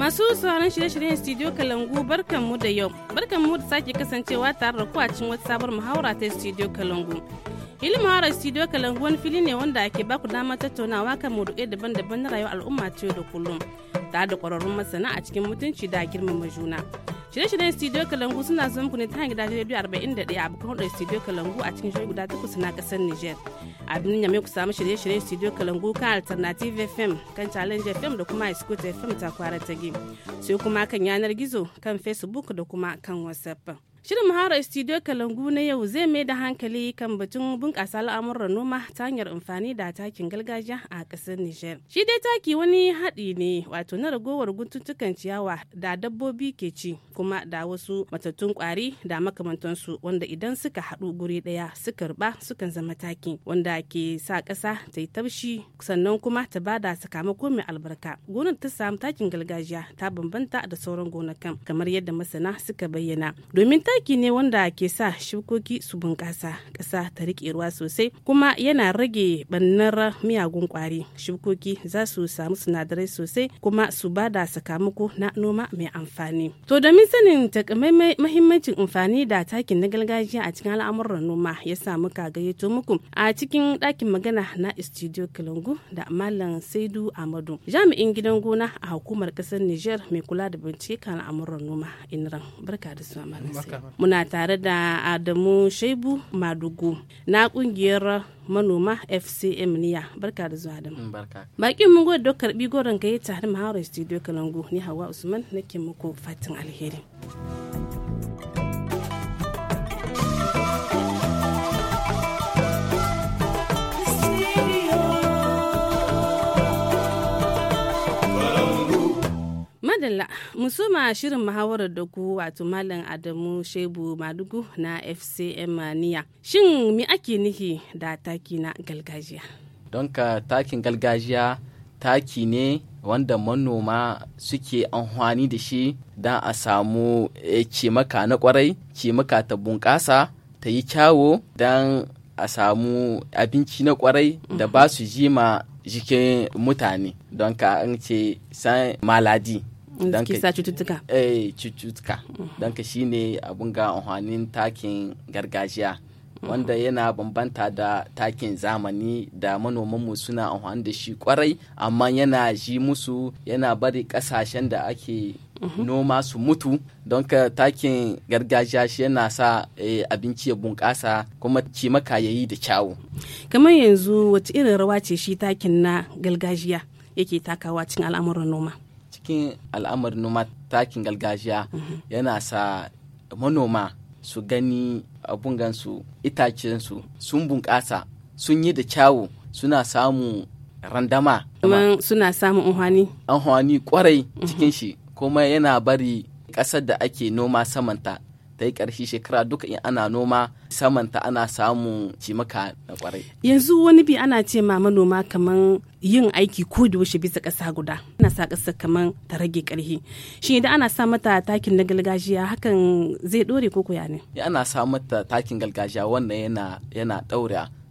Masu sauran shirye-shiryen Studio Kalangu mu da yau. mu da sake kasancewa tare da cin wata sabar muhawara ta Studio Kalangu. Ilmawar Studio Kalangu wani fili ne wanda ake baku damar tattaunawa kan maudu'ai daban-daban na rayuwar al'umma ta yau da kullum. Tare da kwararrun masana a cikin mutunci da girmama juna. Shirye-shiryen Studio Kalangu suna zuwa muku ne ta hanyar gidajen rediyo 41 a abokan hulɗar Studio Kalangu a cikin shirin guda takwas na ƙasar Niger. A birnin Yamai ku samu shirye-shiryen Studio Kalangu kan Alternative FM, kan Challenge FM da kuma Iskut FM ta kwara ta Sai kuma kan yanar gizo, kan Facebook da kuma kan WhatsApp. Shirin Mahara Studio Kalangu na yau zai mai da hankali kan batun bunƙasa al'amuran noma ta hanyar amfani da takin gargajiya a ƙasar Nijar. Shi dai taki wani haɗi ne wato na ragowar guntuttukan ciyawa da dabbobi ke ci kuma da wasu matattun ƙwari da makamantansu wanda idan suka haɗu guri ɗaya suka ruɓa sukan zama taki wanda ke sa ƙasa ta yi taushi sannan kuma ta bada sakamako mai albarka. Gonar ta samu takin gargajiya ta bambanta da sauran gonakan kamar yadda masana suka bayyana domin mataki ne wanda ke sa shukoki su bunƙasa ƙasa ta riƙe ruwa sosai kuma yana rage ɓannar miyagun ƙwari shukoki za su samu sinadarai sosai kuma su ba da sakamako na noma mai amfani to domin sanin takamaimai mahimmancin amfani da takin na gargajiya a cikin al'amuran noma ya samu ka gayyato muku a cikin ɗakin magana na studio kalangu da malam saidu amadu jami'in gidan gona a hukumar ƙasar niger mai kula da bincike kan al'amuran noma inran barka da su malam muna tare da adamu shaibu madugu na kungiyar manoma fcm niya barka da zuwa mm, da bakin mun gwada karbi goron gayyata har mahawar studio kalangu ni hawa usman nake muku fatin alheri madalla musuma shirin muhawarar da ku wato malam adamu shebu madugu na fcm niya shin mi ake nihi da taki na galgajiya. don ka takin galgajiya taki ne wanda manoma suke amfani da shi don a samu eh, cimaka na kwarai cimaka ta bunƙasa ta yi kyawo don a samu abinci na kwarai da mhm. ba su jima jikin mutane don ka an ce san maladi don ka sa cututtuka eh cututtuka don shine abun ga amfanin takin gargajiya wanda yana bambanta da takin zamani da manomanmu suna amfani da shi kwarai amma yana ji musu yana bari kasashen da ake mhm. noma su mutu don ka takin gargajiya shi yana sa eh, abinci ya bunƙasa kuma cimaka ya yi da kyawu kamar yanzu wace irin rawa ce shi takin na gargajiya yake takawa cikin al'amuran noma cikin al'amarin noma takin gargajiya mhm. yana sa manoma su gani abungansu itacensu sun bunƙasa sun yi da kyawu suna samu randama suna samun unhwani unhwani kwarai mhm. cikin shi kuma yana bari ƙasar da ake noma samanta ta yi ƙarshe shekara duka in ana noma samanta ana samun cimaka na kwarai. Yanzu wani bi ana ce ma manoma kamar yin aiki ko da bisa ƙasa guda ana sa ƙasa kaman ta rage ƙarfi shi idan ana sa mata takin na gargajiya hakan zai ɗore ko koya ne. Ana sa mata takin gargajiya wannan yana yana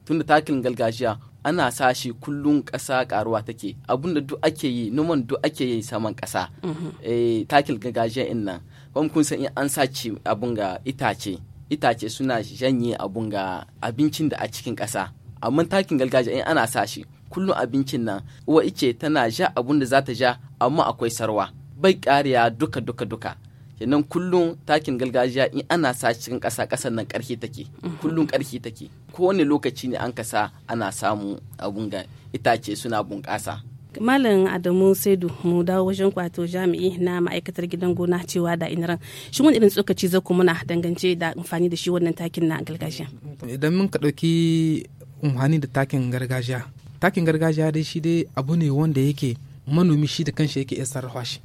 tunda takin gargajiya ana sa shi kullum ƙasa karuwa take abunda duk ake yi numan duk ake yi saman ƙasa. Mm takin gargajiya innan kuma kun san an sace abun ga itace itace suna janye abun ga abincin da a cikin kasa amma takin gargajiya in ana sa shi kullum abincin nan uwa ice tana ja abun da za ta ja amma akwai sarwa bai kariya duka duka duka kenan kullum takin gargajiya in ana sa cikin kasa ƙasar nan ƙarfi take kullum ƙarfi take kowane lokaci ne an kasa ana samu abun ga itace suna bunƙasa malam adamu saidu mu dawo wajen kwato jami'i na ma'aikatar gidan gona cewa da inaran shi wani irin tsokaci za kuma muna dangance da amfani da shi wannan takin na gargajiya idan mun ka ɗauki amfani da takin gargajiya takin gargajiya dai shi dai abu ne wanda yake manomi shi da kanshi yake iya sarrafa shi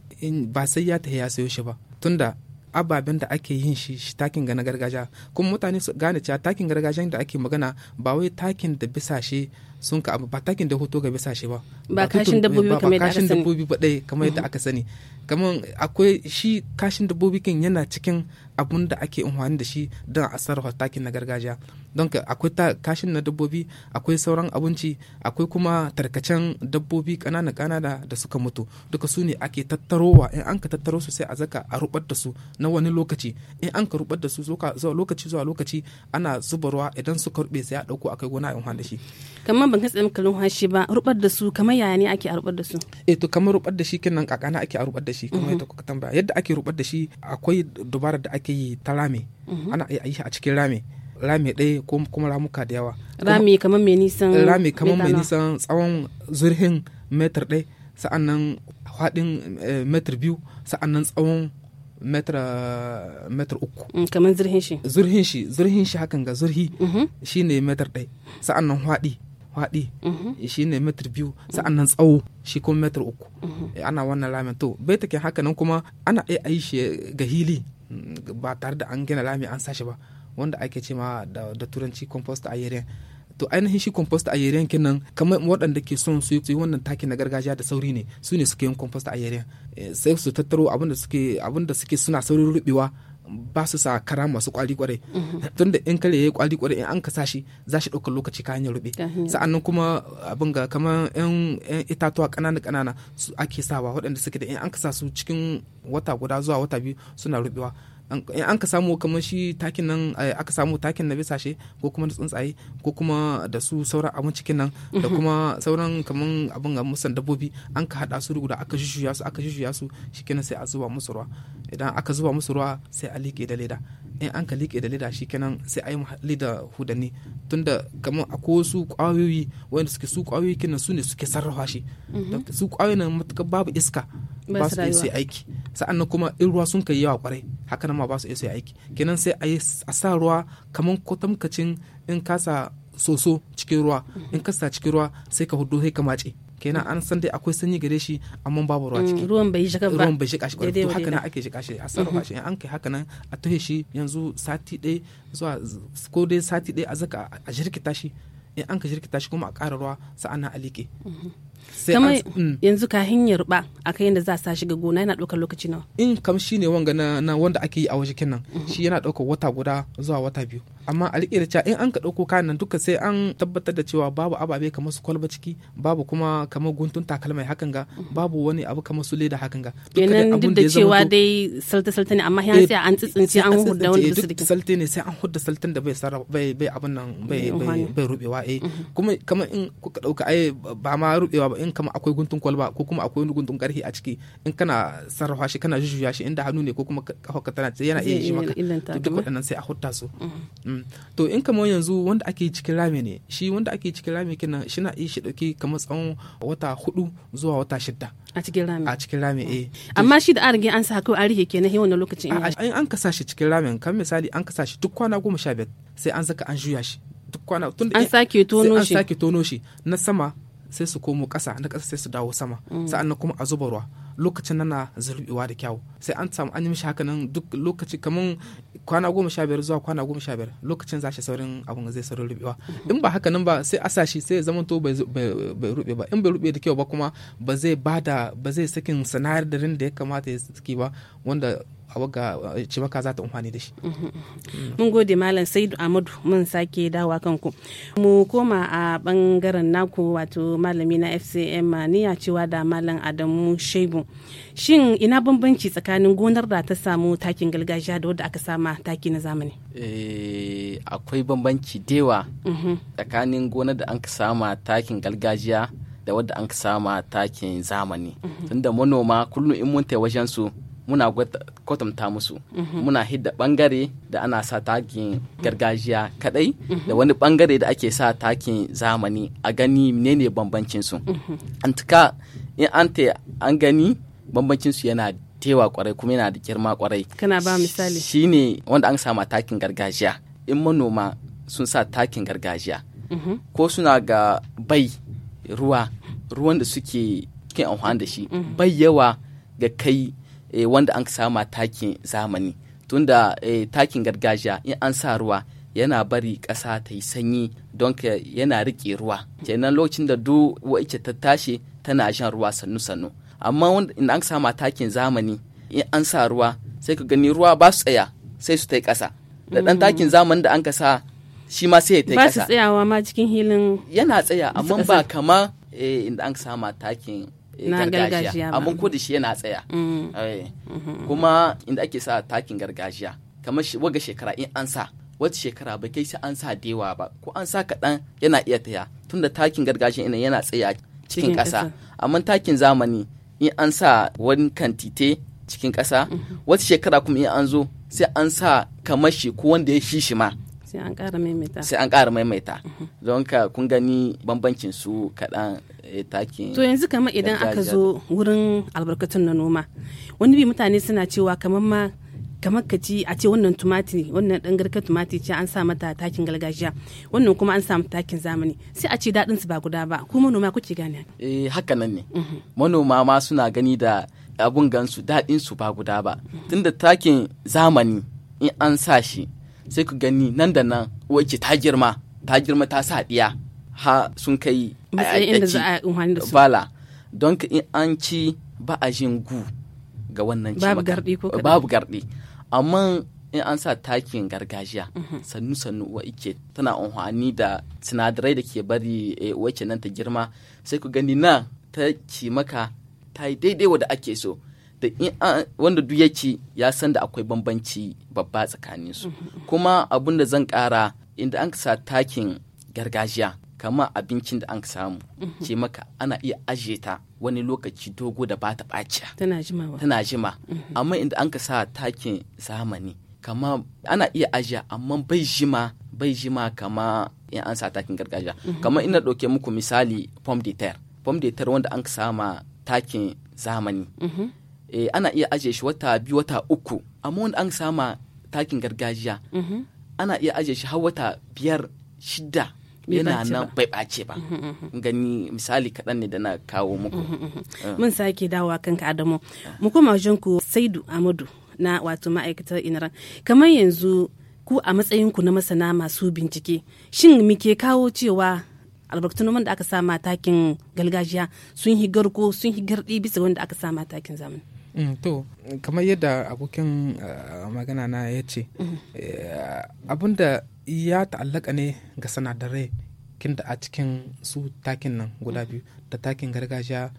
ba sai ya tafi ya sayo shi ba tunda ababen da ake yin shi takin ga gargajiya kuma mutane su gane cewa takin gargajiya da ake magana ba wai takin da bisa shi sun ka abu ba takin da hoto bisa shi ba ba kashin dabbobi ba kamar kashin dabbobi ba dai kamar yadda mm-hmm. aka sani kamar akwai shi kashin dabbobi kin yana cikin abun da ake amfani da shi don a sarrafa takin na gargajiya don akwai kashin na dabbobi akwai sauran abinci akwai kuma tarkacen dabbobi kanana kanana da suka mutu duka su ne ake tattarowa in an ka tattaro su sai a zaka a rubar da su na wani lokaci in an ka rubar da su zuwa lokaci zuwa lokaci ana zubarwa idan suka rube sai a dauko akai gona in da shi kamar ban katsa maka lumhashi ba rubar da su kamar yaya ne ake a rubar da su eh to kamar rubar da shi kenan kakana ake a rubar da shi kamar yadda mhm. kuka tambaya yadda ake rubar da shi akwai dubarar da ake yi ta rame mhm. ana yi a cikin rame rami ɗaya ko kuma ramuka da yawa rami kamar mai nisan rami kamar mai nisan tsawon zurhin metar ɗaya sa'an nan haɗin eh, metar biyu sa'an nan tsawon metar metar uku mm, kamar zurhin shi zurhin shi zurhin shi hakan ga zurhi mm-hmm. Shi ne metar ɗaya sa'an nan haɗi faɗi mm-hmm. shi ne metar biyu sa'an nan tsawo shi kuma metar uku mm-hmm. eh, ana wannan ramin to bai take haka nan kuma ana iya yi shi ga hili mm, ba tare da an gina rami an sashi ba wanda ake ce ma da turanci compost a yare to ainihin shi compost a aerian kenan kamar waɗanda ke son su yi wannan taki na gargajiya da sauri ne su ne suke yin compost a yare eh, sai su tattaro abinda suke abinda suke suna saurin rubewa ba su sa kara masu kwari kwarai mm-hmm. tunda in kare yayi kwari kwarai in an ka sashi za shi ɗaukar lokaci ka hanyar rube sa'annan kuma abin ga kamar yan itatuwa ƙanana ƙanana su ake sawa waɗanda suke da in an ka sa su cikin wata guda zuwa wata biyu suna rubewa an ka samu kamar shi takin nan eh, aka samu takin na bisashe ko kuma da tsuntsaye ko kuma da su sauran abin cikin nan da kuma sauran kamar abin a musan dabbobi an ka hada su guda aka shushuya su aka shushuya su shikenan sai a zuba musu ruwa idan aka zuba musu ruwa sai a liƙe da leda in an ka liƙe da leda shikenan sai a yi muhalli da hudani tunda kamar ko su ƙwayoyi wanda suke su ƙwayoyi kinan su ne suke sarrafa shi mm-hmm. su kwayoyi nan matuƙar babu iska ba su iya sai aiki sa'an nan kuma in ruwa sun kai yawa kwarai haka nan ma ba su iya aiki kenan sai a sa ruwa kamar kwatamkacin in sa soso cikin ruwa in sa cikin ruwa sai ka hudu sai ka mace kenan an san dai akwai sanyi gare shi amma babu ruwa mm, ciki ruwan bai shiga ba ruwan bai shiga shi to haka nan ake shiga shi a sarrafa mm-hmm. shi an kai haka nan a tuhe shi yanzu sati ɗaya zuwa ko dai sati ɗaya a zaka a jirkita shi in an ka jirkita shi kuma a ƙara ruwa sa'an nan a liƙe mm-hmm. kamar mm. yanzu ka hanyar ba a akan yadda za a shiga gona yana ɗaukar lokaci nawa in kam shi ne wanga na, na wanda ake yi a waje kenan mhm. shi yana ɗaukar wata guda zuwa wata biyu amma a riƙe da cewa in an ka ɗauko kayan nan duka sai an tabbatar da cewa babu ababe kamar su kwalba ciki babu kuma kamar guntun takalmai hakan ga babu wani abu kamar su leda hakan ga kenan duk da cewa dai salta-salta ne amma yan eh, sai an tsitsince an hudda wani su duk salta ne sai an hudda saltan da bai sarrafa bai bai abin nan bai mm-hmm. bai rubewa eh mm-hmm. kuma kamar in kuka ɗauka ai ba ma rubewa ba in kamar akwai guntun kwalba ko kuma akwai guntun karhi a ciki in kana sarrafa shi kana jujjuya shi inda hannu ne ko kuma kafa tana yana iya shi maka duk waɗannan sai a hudda su mm-hmm. to in kamar yanzu wanda ake cikin rami ne shi wanda ake cikin rami kina shi na iya shi dauki kamar tsawon wata hudu zuwa wata shida a cikin rami a cikin rami eh ah. amma shi da an rige an sa kawai an rike kenan wannan lokacin in an kasa shi cikin ramen kan misali an kasa shi duk kwana goma sha biyar sai an saka an juya shi duk kwana tun an sake tono shi an sake tono shi na sama sai su komo kasa na kasa sai su dawo sama mm. sa'an nan kuma a zuba ruwa lokacin nana zurbewa da kyau sai an samu an yi mishi hakanan duk lokaci kamar kwana goma sha biyar zuwa kwana goma sha biyar lokacin za shi saurin abin zai saurin rubewa in ba hakanan ba sai a sashi sai zama to bai rube ba in bai rube da kyau ba kuma ba zai bada ba zai sakin rin da ya kamata ya saki ba wanda a waga ka za ta amfani da shi. Mm-hmm. Mun gode Malam Saidu Amadu mun sake dawa kanku. Mu koma a bangaren naku wato malami na FCM ni ya cewa da Malam Adamu Shebu. Shin ina bambanci tsakanin gonar da ta samu takin gargajiya da wadda aka sama taki na zamani? Eh, akwai bambanci dewa mm-hmm. tsakanin gonar da an ka sama takin gargajiya da wadda an ka sama takin zamani. Mm-hmm. Tunda manoma kullum in mun wajen su muna kwatanta musu mhm. muna hidda bangare da ana sa takin gargajiya kadai mhm. da wani bangare da ake sa takin zamani a gani menene bambancin su mhm. an in an ta an gani bambancin su yana tewa kwarai kuma yana da girma kwarai kana ba misali shine wanda an sama takin gargajiya in manoma sun sa takin gargajiya ko suna ga bai ruwa ruwan da suke amfani da shi bai yawa ga kai eh, wanda an sama takin zamani tunda eh, takin gargajiya in an sa ruwa yana bari ƙasa ta yi sanyi don ka yana riƙe ruwa kenan lokacin da duk wace ta tashi tana shan ruwa sannu sannu amma in an sama takin zamani in an sa ruwa sai ka gani ruwa ba su tsaya sai su ta yi ƙasa da ɗan takin mm. zamani da an ka sa shi ma sai ya ta yi ƙasa ba su tsayawa ma cikin hilin yana tsaya amma ba kama eh, in an sama takin na gargajiya eh, amma ko da shi yana tsaya mm. eh. mm-hmm. kuma inda ake sa takin gargajiya kamar waga shekara in an sa wata shekara ba kai sai an sa dewa ba ko an sa kaɗan yana iya taya tunda takin gargajiya ina yana tsaya cikin ƙasa amma takin zamani in an sa wani kantite cikin ƙasa mm-hmm. wata shekara kuma in an zo sai an sa kamar shi ko wanda ya shi shi ma sai an ƙara maimaita sai an ƙara maimaita mm-hmm. don ka kun gani bambancin su kaɗan Eh, takin to yanzu kamar idan aka zo wurin albarkatun na noma wani bi mutane suna cewa kamar ma kamar ka ci a ce wannan tumati wannan dan garkar tumati ce an sa mata takin gargajiya wannan kuma an sa mata takin zamani sai a ce dadin su ba guda ba ku manoma kuke gane eh haka nan ne mhm. manoma ma suna gani da abun gansu dadin su ba guda ba tunda takin zamani in an sa shi sai ku gani nan da nan wace ta girma ta girma ta sa diya ha sun kai bala don in an ci ba a jin gu ga wannan babu ko babu gardi amma in an sa takin gargajiya mhm. sannu sannu wa ike tana amfani da sinadarai da ke bari eh, wacce nan ta girma sai ku gani na ta ci maka ta yi daidai da ake so da in wanda duk ya ci ya san da akwai bambanci babba tsakanin su mhm. kuma abun da zan kara inda an sa takin gargajiya kama abincin da an samu mhm. ce maka ana iya ajiye ta wani lokaci dogo da ba ta ɓaciya tana jima tana mhm. amma inda an ka sa takin zamani kama ana iya ajiya amma bai jima bai jima kama in an sa takin gargajiya mhm. kama ina ɗauke muku misali pom de terre pom de terre wanda an ka sama takin zamani e, ana iya ajiye shi wata biyu wata uku amma wanda an sama takin gargajiya ana iya ajiye shi har wata biyar shida yana nan bai ɓace ba gani misali kaɗan ne da na kawo muku ah. mun sake dawowa kanka adamu ah. mu koma ku saidu amadu na wato ma'aikatar inaran kamar yanzu ku a matsayinku na masana masu bincike shin muke kawo cewa albarkatun wanda aka sa matakin gargajiya sun hi garko sun hi garɗi bisa wanda aka sa matakin zamani mm, to kamar yadda abokin ah, magana na ya ce eh, abinda ya ta'allaka ne ga sanadarai kin da a cikin su takin nan guda mm. biyu da takin gargajiya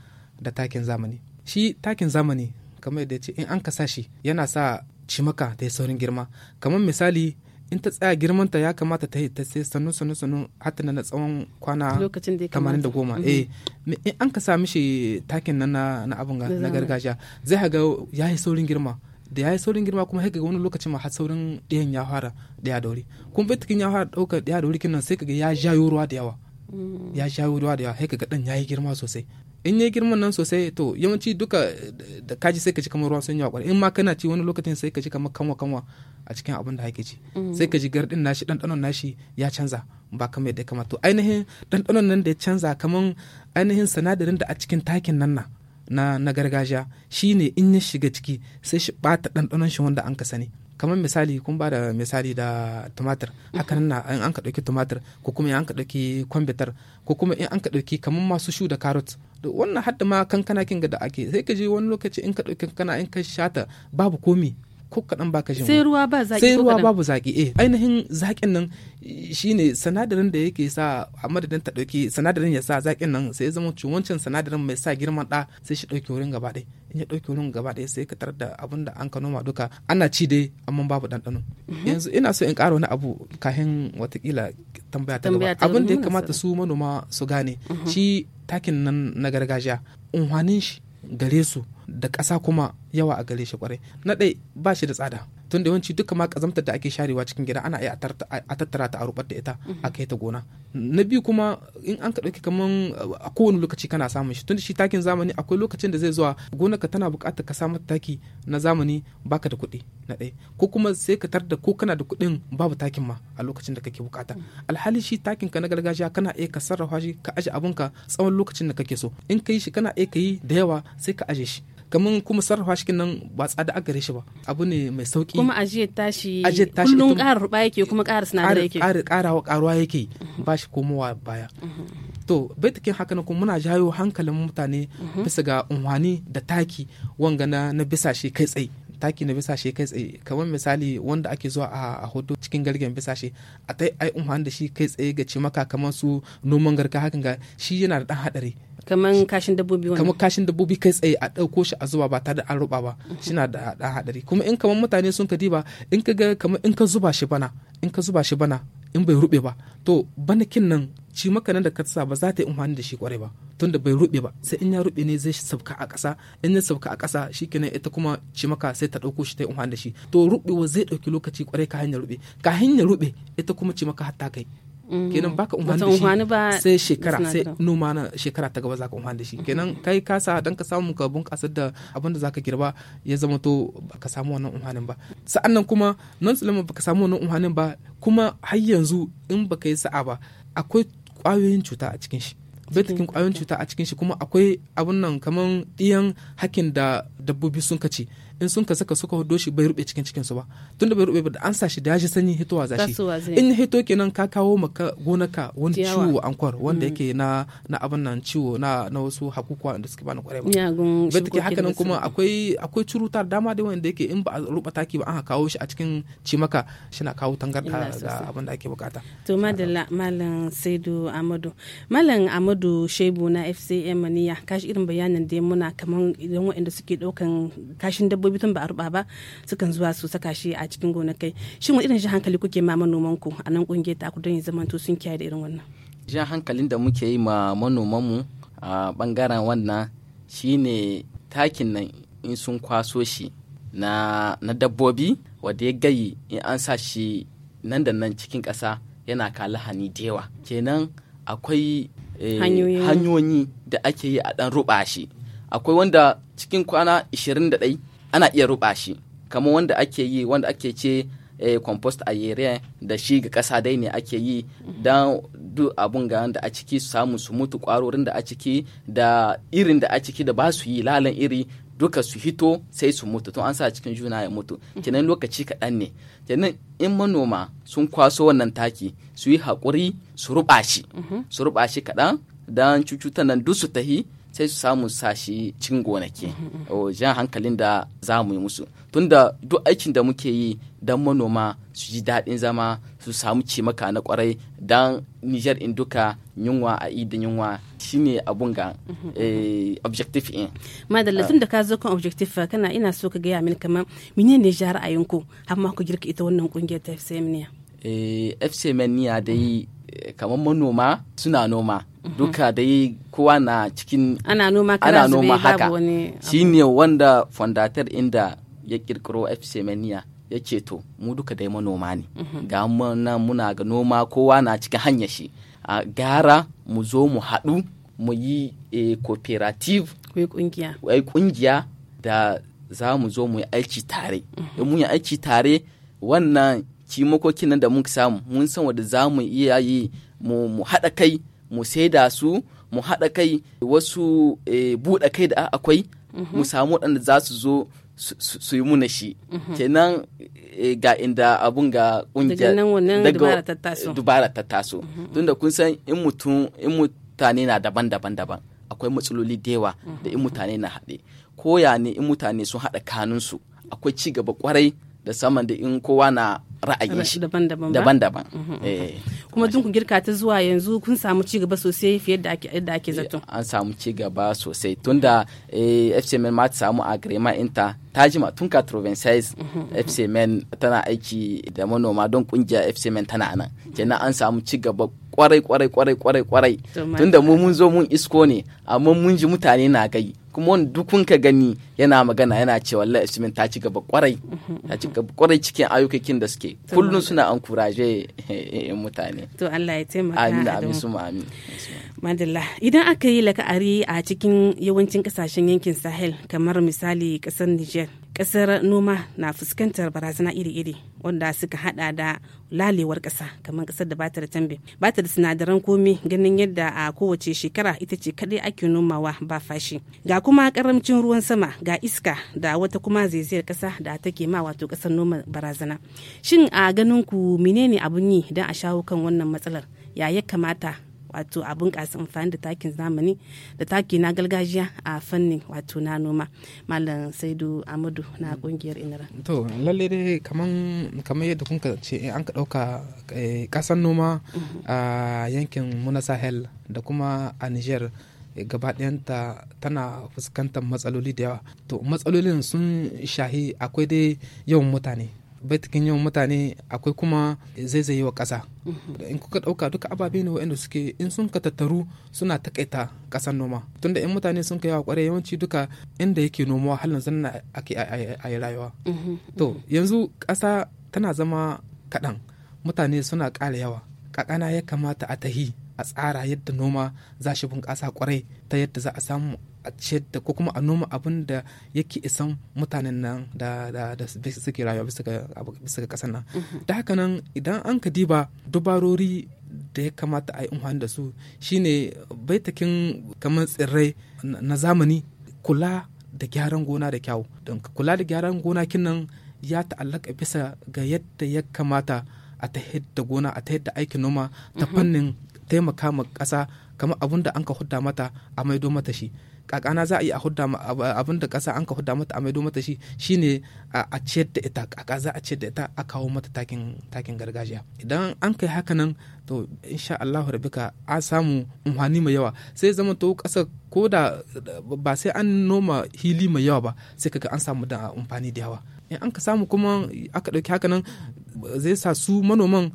da takin zamani shi takin zamani kamar yadda ce in an kasa shi yana sa cimaka ta yi saurin girma kamar misali in ta tsaya girmanta ya kamata ta yi ta sai sannu sannu sannu hatta na tsawon kwana tamanin da goma mm-hmm. eh in an ka sa mishi takin nan na abin na gargajiya zai ga ya yi saurin girma da ya yi saurin girma kuma haka wani lokacin ma har saurin ɗayan ya fara ɗaya da wuri kuma bai ya fara ɗaukar ɗaya da wuri kinan sai kaga ya jayo ruwa da yawa mm. ya jayo ruwa da yawa haka ga ɗan ya yi girma sosai in ya girman nan sosai to yawanci duka da kaji sai ka ji kamar ruwan sun yawa in ma kana ci wani lokacin sai ka ji kamar kanwa kanwa a cikin abin da ake ci mm. sai ka ji gardin nashi ɗanɗanon nashi ya canza ba kamar yadda ya kamata to ainihin ɗanɗanon nan da ya canza kamar ainihin sinadarin da a cikin takin nan na na, na gargajiya ne in ya shiga ciki sai shi bata ɗanɗanon shi wanda an ka sani kamar misali kun ba da misali da tumatir haka na in an ka ɗauki tumatir ko kuma in an ka ɗauki kwambitar ko kuma in an ka ɗauki kamar masu shu da carrot wannan hadda ma kankana kin ga da ake sai ka je wani lokaci in ka ɗauki kankana in ka shata babu komi ko kaɗan baka jin sai ruwa ba zaki sai ruwa babu zaki eh ainihin zakin nan eh, shine sanadarin da yake sa a madadin ta dauke sanadarin ya sa zakin nan sai zama cuwancin sanadarin mai sa girman da sai shi dauke wurin gaba ɗaya in ya dauke wurin gaba ɗaya sai ka tarar da abin da an ka noma duka ana ci dai amma babu ɗanɗano mhm. yanzu ina so in ƙara wani abu kafin watakila tambaya ta gaba abin da ya kamata su manoma su gane mhm. shi takin nan na gargajiya unhwanin shi gare su da ƙasa kuma yawa a gare shi kwarai na ɗai ba shi da tsada tun da yawanci duka ma kazamtar da ake sharewa cikin gida ana iya a tattara ta a rubar da ita a kai ta gona na biyu kuma in an ka dauki kaman a kowane lokaci kana samun shi tun da shi takin zamani akwai lokacin da zai zuwa gona ka tana buƙatar ka samu taki na zamani baka da kuɗi na ɗaya ko kuma sai ka tarda ko kana da kuɗin babu takin ma a lokacin da kake buƙata alhali shi takin ka na gargajiya kana iya ka sarrafa shi ka aje abinka tsawon lokacin da kake so in ka yi shi kana iya ka yi da yawa sai ka aje shi kamar kuma sarrafa shi nan ba tsada a gare shi ba abu ne mai sauki kuma ajiyar tashi ajiyar tashi kullum ƙara ba yake kuma ƙara sinadari yake ƙara ƙarawa ƙaruwa yake ba shi komowa baya to bai take haka na kuma muna jayo hankalin mutane bisa ga unhwani da taki wanga na na bisa shi kai tsaye taki na bisa shi kai tsaye kamar misali wanda ake zuwa a hoto cikin gargen bisa shi a tai ai unhwani da shi kai tsaye ga cimaka kamar su noman garka hakan ga shi yana da dan hadari kamar kashin dabbobi wani kamar kashin dabbobi kai tsaye a ɗauko shi a zuba ba tare da an ruba ba shina da da hadari kuma in kamar mutane sun ka diba in ka ga kamar in ka zuba shi bana in ka zuba shi bana in bai rube ba to banakin nan ci maka nan da ka sa ba za ta yi amfani da shi kwarai ba tunda bai rube ba sai in ya rube ne zai sabka a ƙasa in ya sabka a ƙasa shi kenan ita kuma ci maka sai ta ɗauko shi ta yi amfani da shi to rubewa zai ɗauki lokaci kwarai ka hanyar rube ka hanyar rube ita kuma ci maka hatta kai Mm. kenan baka umhan da shi sai shekara sai noma na shekara ta gaba zaka umhan da shi kenan kai ka sa dan ka samu ka bunkasar da abin da zaka girba ya zama to baka samu wannan umhanin ba sa'annan kuma non ba baka samu wannan umhanin ba kuma har yanzu in baka yi sa'a ba akwai kwayoyin cuta a cikin shi betakin kwayoyin cuta a cikin shi kuma akwai abun nan kaman ɗiyan hakin da dabbobi sun kace in sun ka saka suka hudo shi bai rube cikin cikin su ba tun da bai rube da an sa shi da ya sanyi hitowa za shi in hito kenan ka kawo maka gonaka wani ciwo ankwar mm. wanda yake na na abin nan ciwo na na wasu hakukuwa da suke bani kwarai ba bai take haka nan kuma akwai akwai curuta dama da wanda yake in ba a rubuta taki ba an kawo shi a cikin cimaka na kawo tangarda ga abin da ake bukata to madalla malam saidu amadu malam amadu shebu na fcm niya kashi irin bayanin da muna kaman idan waɗanda suke ɗaukan kashin dabbobi dabbobi tun ba a ruba ba sukan zuwa su saka shi a cikin gonakai shin wani irin shi hankali kuke ma manoman ku a nan kungiyar ta ku don ya zamanto sun kiyaye da irin wannan jan hankalin da muke yi ma mu a bangaren wannan shine takin nan in sun kwaso shi na, na dabbobi wanda ya gayi in an sa shi nan da nan cikin ƙasa yana kala hani da yawa kenan akwai eh, hanyoyi da ake yi a dan ruba shi akwai wanda cikin kwana 21 ana iya ruɓa shi kamar wanda ake yi wanda ake ce eh, compost a yere da shi ga ƙasa dai ne ake yi don duk abun ga da a ciki su samu su mutu kwarorin da a ciki da irin da a ciki da ba su yi lalan iri duka su hito sai su mutu to an sa cikin juna ya mutu kenan lokaci kaɗan ne kenan in manoma sun kwaso wannan taki su yi haƙuri su ruɓa shi mhm. su ruɓa shi kaɗan don cututtukan nan duk su tahi sai su samu sashi cikin gonaki mm-hmm, mm-hmm. jan hankalin da za mu yi musu tunda duk aikin da muke yi don manoma su ji daɗin zama su samu cimaka na kwarai don nijar in duka yunwa a idin yunwa ne abun ga mm-hmm, eh, objective in madalla ah. tun da ka zo kan objective kana ina so ka gaya min kamar mine ne ja ra'ayinku har ma ku girka ita wannan kungiyar ta fcm niya eh, fcm niya dai kamar manoma suna noma mhm. duka dai kowa na cikin ana noma ana noma haka ne wanda fondatar inda ya kirkiro FC Mania ya ce to mu duka dai manoma ne mhm. ga mana muna ga noma kowa na cikin hanyar shi a gara mu zo mu haɗu mu yi a eh, cooperative wai kungiya da za mu zo mu yi aiki tare da mhm. mu yi aiki tare wannan makokin nan da mun samu mun san wanda za mu iya yi mu haɗa kai mu saida su mu haɗa kai wasu eh, buɗa kai da akwai mu mhm. samu waɗanda za su zo su yi muna shi mhm. kenan eh, ga inda abun ga ƙungiyar daga dubara ta taso mhm. tunda kun san in mutum in mutane na daban-daban daban akwai matsaloli da yawa da in mutane na haɗe ko ya ne in mutane sun haɗa kanunsu akwai ci gaba kwarai da saman da in kowa na ra'ayin shi daban-daban mhm, eh. mhm. kuma dun ku girka ta zuwa yanzu kun samu ci gaba sosai fiye da ake yadda ake zato eh, an samu ci gaba sosai tunda eh, FCMN ma ta samu agrema inta ta jima tun ka provinces FCMN tana aiki da manoma don kungiya FCMN tana nan kenan an samu ci gaba kwarai kwarai kwarai kwarai kwarai tunda mu mun zo mun isko ne amma mun ji mutane na gai kuma wani dukun ka gani yana magana yana cewa Allah Ismin ta ci gaba kwarai ta ci gaba kwarai cikin ayyukakin da suke kullum suna an kuraje eh, eh, mutane to Allah ya taimaka amin amin su amin madalla idan aka yi laka'ari a cikin yawancin kasashen yankin Sahel kamar misali kasar Niger kasar noma na fuskantar barazana iri-iri wanda suka hada da lalewar kasa kamar kasar da bata da tambe bata da sinadaran komi ganin yadda a kowace shekara ita ce kadai ake nomawa ba fashi ga kuma karamcin ruwan sama ga iska da wata kuma zaizayar kasa da take ma wato kasar noma barazana shin a ganin ku menene abun yi don a shawo kan wannan matsalar ya ya kamata wato a bunƙasa amfani da takin zamani da taki na gargajiya a fannin wato na noma malam saidu amadu na ƙungiyar inira to lalle dai kaman kamar yadda kun ce eh, an ka ɗauka eh, ƙasan noma mhm. a yankin muna sahel da kuma a niger eh, gaba ɗayanta tana fuskantar matsaloli da yawa to matsalolin sun shahi akwai dai yawan mutane bai ta yawan mutane akwai kuma zaizayewa ƙasa mhm. in kuka ɗauka duka ababe ne waɗanda suke in sun ka tattaru suna takaita ƙasar noma tunda in mutane sun ka yawa ƙwarai yawanci duka inda yake nomawa halin na ake a yi rayuwa mhm, mhm. to yanzu ƙasa tana zama kaɗan mutane suna ƙara yawa ƙaƙana ya kamata a tahi a tsara yadda noma za shi bunƙasa ƙwarai ta yadda za a samu a ciyar da ko kuma a noma abin da yake isan mutanen nan da suke rayuwa bisa ga kasar nan mhm. da haka nan idan an ka diba dubarori da ya kamata a yi umarni da su shine baitakin kamar tsirrai na zamani kula da gyaran gona da kyau don kula da gyaran gona kinan ya ta'allaka bisa ga yadda ya kamata a ta da gona a ta da aikin noma ta mhm. fannin taimaka ma kasa kamar abun da an ka hudda mata a maido mata shi kakana za a yi a hudda abin da kasa an ka hudda mata a maido mata shi shine a ciyar da ita kaka za a ciyar da ita a kawo mata takin gargajiya idan an kai haka nan to insha rabi rabbika a samu umhani mai yawa sai zama to kasa ko da ba sai an noma hili mai yawa ba sai kaga an samu da umfani da yawa in an ka samu kuma aka dauki haka nan zai sa su manoman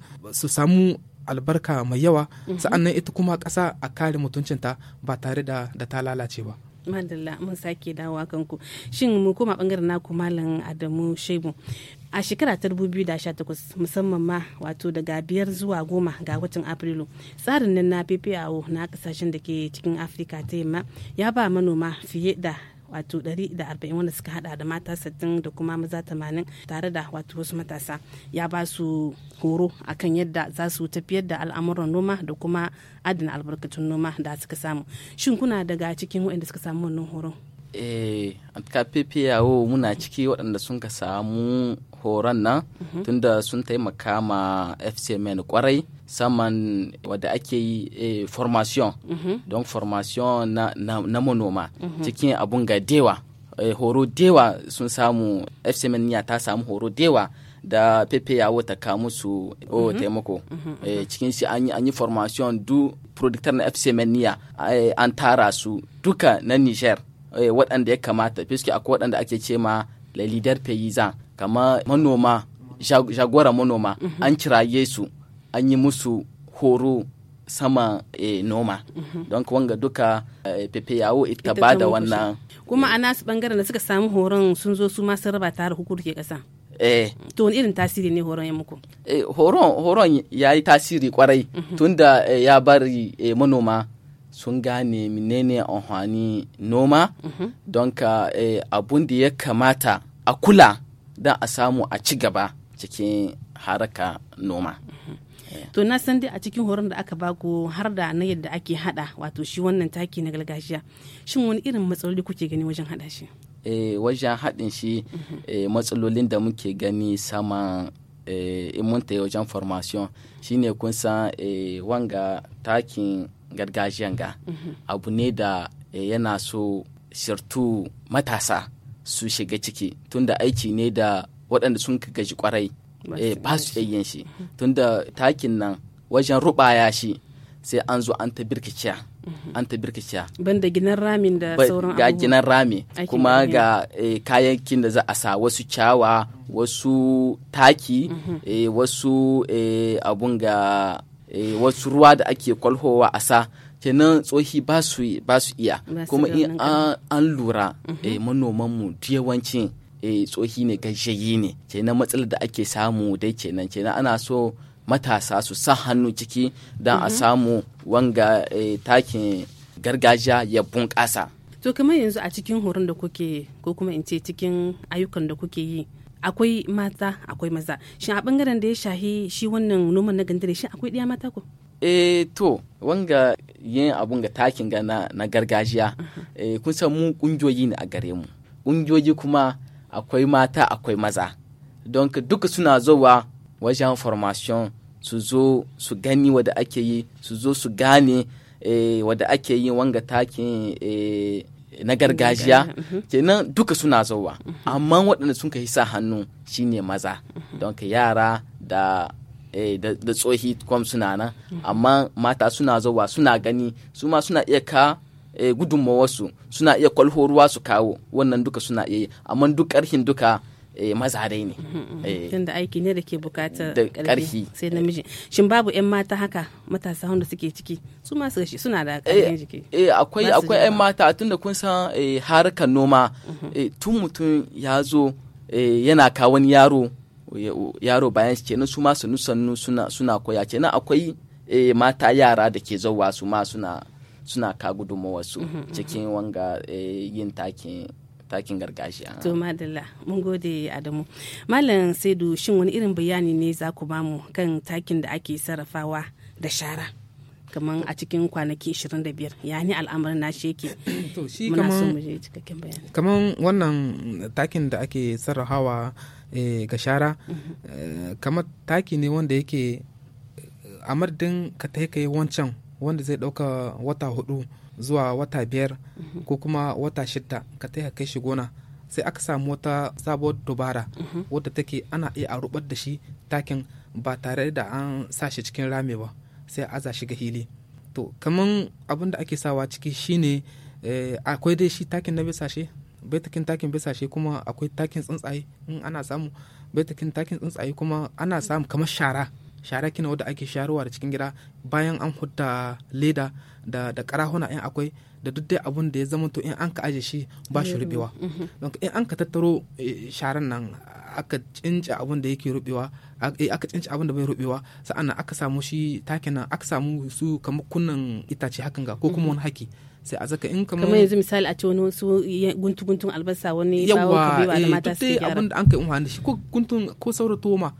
su samu albarka mai yawa mhm. sa'annan ita kuma ƙasa a kare mutuncinta ba tare da ta lalace ba madalla mun sake dawowa kanku shin mu koma bangaren naku malam adamu shebu a shekara ta 2018 musamman ma wato daga biyar zuwa goma ga watan afrilu tsarin nan na ppao na kasashen da ke cikin afirka ta yamma ya ba manoma fiye da wato 140 wanda suka hada da mata sittin da kuma maza tamanin tare da wato wasu matasa ya ba su horo akan yadda za su tafiyar da al'amuran noma da kuma adana albarkatun noma da suka samu shin kuna daga cikin waɗanda suka samu wannan horon eh a muna ciki waɗanda sun ka samu horon nan mhm. tunda sun taimaka ma fcmn kwarai saman wadda ake yi eh, formation mhm. don formation na, manoma mhm. cikin abun ga dewa eh, horo dewa sun samu fcmn ya ta samu horo dewa da pepe yawo ta ka musu o taimako eh, cikin shi an yi formation du producteur na fcmn ya. an tara su duka na niger waɗanda ya kamata fiske akwai waɗanda ake ce ma le paysan kama manoma jagora manoma mm -hmm. an cira su an yi musu horo sama e, noma mm -hmm. don wanga duka e, pepe yawo ita ba da wannan kuma a nasu bangaren da suka samu horon sun zo su masu raba tare hukuru ke kasa eh to wani irin tasiri ne horon ya muku eh horon ya yi tasiri kwarai mm -hmm. tunda e, ya bari e, manoma sun gane menene amfani noma mm -hmm. don ka e, abun da ya kamata a kula don a samu a ci gaba cikin haraka noma. Mm-hmm. To na san dai a cikin horon da aka baku har da na yadda ake hada wato shi wannan taki na gargajiya. Shin wani irin matsaloli kuke gani wajen hada shi? Eh, wajen haɗin shi mm-hmm. eh, matsalolin da muke gani sama eh, in mun ta wajen formation shine kun san wanga takin gargajiyan ga mm-hmm. abu ne da yana so shirtu matasa su shiga ciki tunda aiki ne da waɗanda sun gaji kwarai eh, ba su iya shi tunda takin nan wajen rubaya shi sai an zo an ta birkiciya mhm. an ta birkiciya banda ginar ramin da sauran ga ginar rami kuma ga eh, kayakin da za a sa wasu ciyawa wasu taki mhm. eh, wasu abun ga wasu ruwa da ake kwalhowa a sa kenan tsohi ba su iya kuma in an lura mhm. eh, manomanmu yawancin eh, tsohi ne gaishayi ne kenan matsalar da ake samu dai kenan kenan ana so matasa su sa hannu ciki don a mhm. samu wanga eh, takin gargajiya ya bunƙasa to kamar yanzu a cikin horon da kuke ko kuma in ce cikin ayyukan da kuke yi akwai mata akwai maza shin a bangaren da ya shahi shi wannan noman na gandare shin akwai ɗiya mata ko eh to wanga yin abun ga takin ga na gargajiya mhm. eh, kun san mu kungiyoyi ne a gare mu kungiyoyi kuma akwai mata akwai maza don duka suna zowa wajen formation su zo su gani wada ake yi su zo su gane eh, wada ake yi wanga takin eh, na gargajiya mhm. kenan duka suna zowa mhm. amma waɗanda sun ka sa hannu shine maza don yara da Eh, da tsohi kwam suna nan amma mata suna zuwa suna gani su ma suna iya ka eh, gudunmawarsu suna iya kwalhoruwa su kawo wannan duka suna iya yi amma duk karhin duka eh, maza dai ne tunda aiki ne da ke bukatar karfi sai namiji shin babu yan mata haka matasa wanda suke ciki su masu gashi suna da karfin jiki eh akwai akwai yan mata tunda kun san harkar noma mm-hmm. tun mutum ya zo yana kawo wani yaro yaro bayan shi kenan su ma sannu sannu suna suna koya kenan akwai eh, mata yara da ke zauwa su ma suna suna ka gudunmawar su mm-hmm, mm-hmm. cikin wanga eh, yin takin takin gargajiya. To madalla mun gode Adamu. Malam Saidu shin wani irin bayani ne za ku bamu kan takin da ake sarrafawa da shara? kamar a cikin kwanaki 25 ni al'amarin na sheke muna so mu je cikakken bayani kamar wannan takin da ake sarrafawa Eh, ga shara mhm. eh, kamar taki ne wanda yake a mardin ka ta yi wancan wanda zai ɗauka wata hudu zuwa wata biyar mhm. ko kuma wata shida ka ta kai shi gona sai aka samu wata sabuwar dubara mhm. wadda take ana iya a rubar da shi takin ba tare da an sa shi cikin rame ba sai aza shi ga hili to kamar abin da ake sawa ciki shine eh, akwai dai shi takin na bisa shi baitakin takin bisashe kuma akwai takin tsuntsaye in ana samu baitakin takin tsuntsaye kuma ana samu kamar shara shara kina wadda ake sharuwa da cikin gida bayan an huta leda da da karahuna in akwai da duk dai abun da ya zama to in an ka aje shi ba shi mm-hmm. rubewa mm-hmm. don in an ka tattaro eh, sharan nan aka cince abun da yake rubewa eh, aka cince abun da bai rubewa sa'an aka samu shi takin nan aka samu su kamar kunnan itace hakan ga ko kuma mm-hmm. wani haki sai a zaka in kamar yanzu misali a ce wani wasu guntun guntun albasa wani bawo kabewa da eh, mata su gyara abin da an kai umar shi ko guntun ko saura toma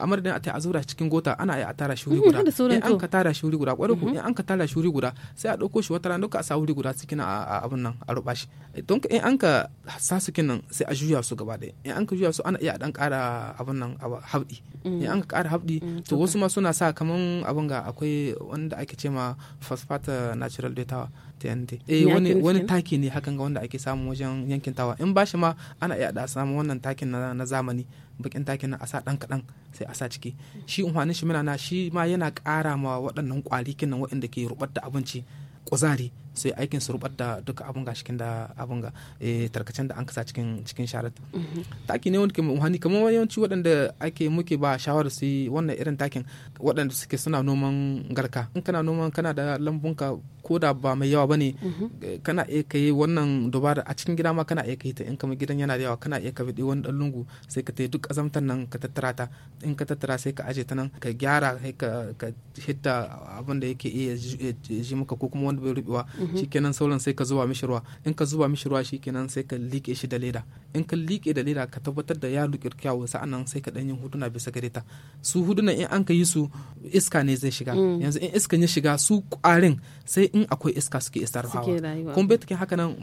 amar mm. a ta zura cikin gota ana a tara shi wuri guda in an ka tara shi wuri guda kwarai kuma mm-hmm. in an ka tara shi wuri guda sai a ɗauko shi wata rana duka a sa wuri guda cikin a abin nan a ruba shi don in an ka sa su kinan sai a juya su gaba ɗaya in an ka juya su ana iya dan kara abin nan habdi in mm. an ka kara habdi mm, to wasu ma suna sa kaman abin ga akwai wanda ake ce ma phosphate natural data TNT eh wani wani taki ne hakan ga wanda ake samu wajen yankin tawa in bashi ma ana iya da samu wannan takin na zamani bakin takin na a sa dan kadan sai a sa ciki shi umhanin shi muna na shi ma yana ƙara ma waɗannan kwalikin nan waɗanda ke rubar da abinci kuzari sai aikin su rubar da duka abun ga cikin da abun ga eh, tarkacen da an kasa cikin cikin sharatu mm-hmm. taki ne wanda muhani kamar yawanci waɗanda ake muke ba shawarar su wannan irin takin waɗanda suke suna noman garka in kana noman kana da lambunka ko da ba mai yawa bane mm-hmm. eh, kana iya kai wannan dubara a cikin gida ma kana iya kai ta in kamar gidan yana da yawa kana iya ka bi wani dan lungu sai ka tai duk azamtar nan ka tattara ta in ka tattara sai ka aje ta nan ka gyara ka ka hitta abin da yake iya eh, ji maka ko kuma wanda bai rubewa shikenan sauran sai ka zuba mishi ruwa in ka zuba mishi ruwa shikenan sai ka liƙe shi da leda in ka liƙe da leda ka tabbatar da ya luƙi kyawu sa'annan sai ka ɗanyin huduna bisa gare ta su huduna in an ka yi su iska ne zai shiga mm. yanzu in iskan ya shiga su ƙwarin sai in akwai iska suke isar hawa bai take haka nan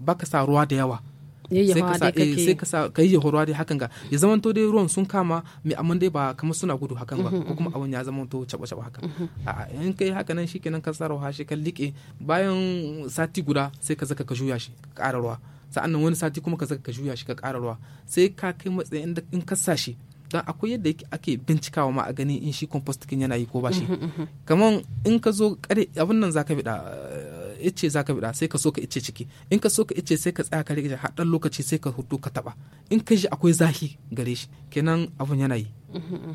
baka sa ruwa da yawa sai ka sa eh, yi dai hakan ga ya zama to dai ruwan sun kama mai amma dai ba kamar suna gudu hakan ba mhm, ko kuma mhm. abin ya zama to caba caba hakan mhm. a in kai haka nan shikenan ka tsara shi ka liƙe bayan sati guda sai ka zaka ka juya shi ka ƙara ruwa sa'an nan wani sati kuma ka zaka ka juya shi ka ƙara ruwa sai ka kai matsayin in ka sa shi don akwai yadda ake bincikawa ma a gani in shi compost kin yana yi ko ba shi kamar in ka zo abin nan zaka bi da ice ka bida sai ka so ka ice ciki in ka so ka ice sai ka tsaya ka rike har dan lokaci sai ka hudu ka taba in ka ji akwai zahi gare shi kenan abun yana yi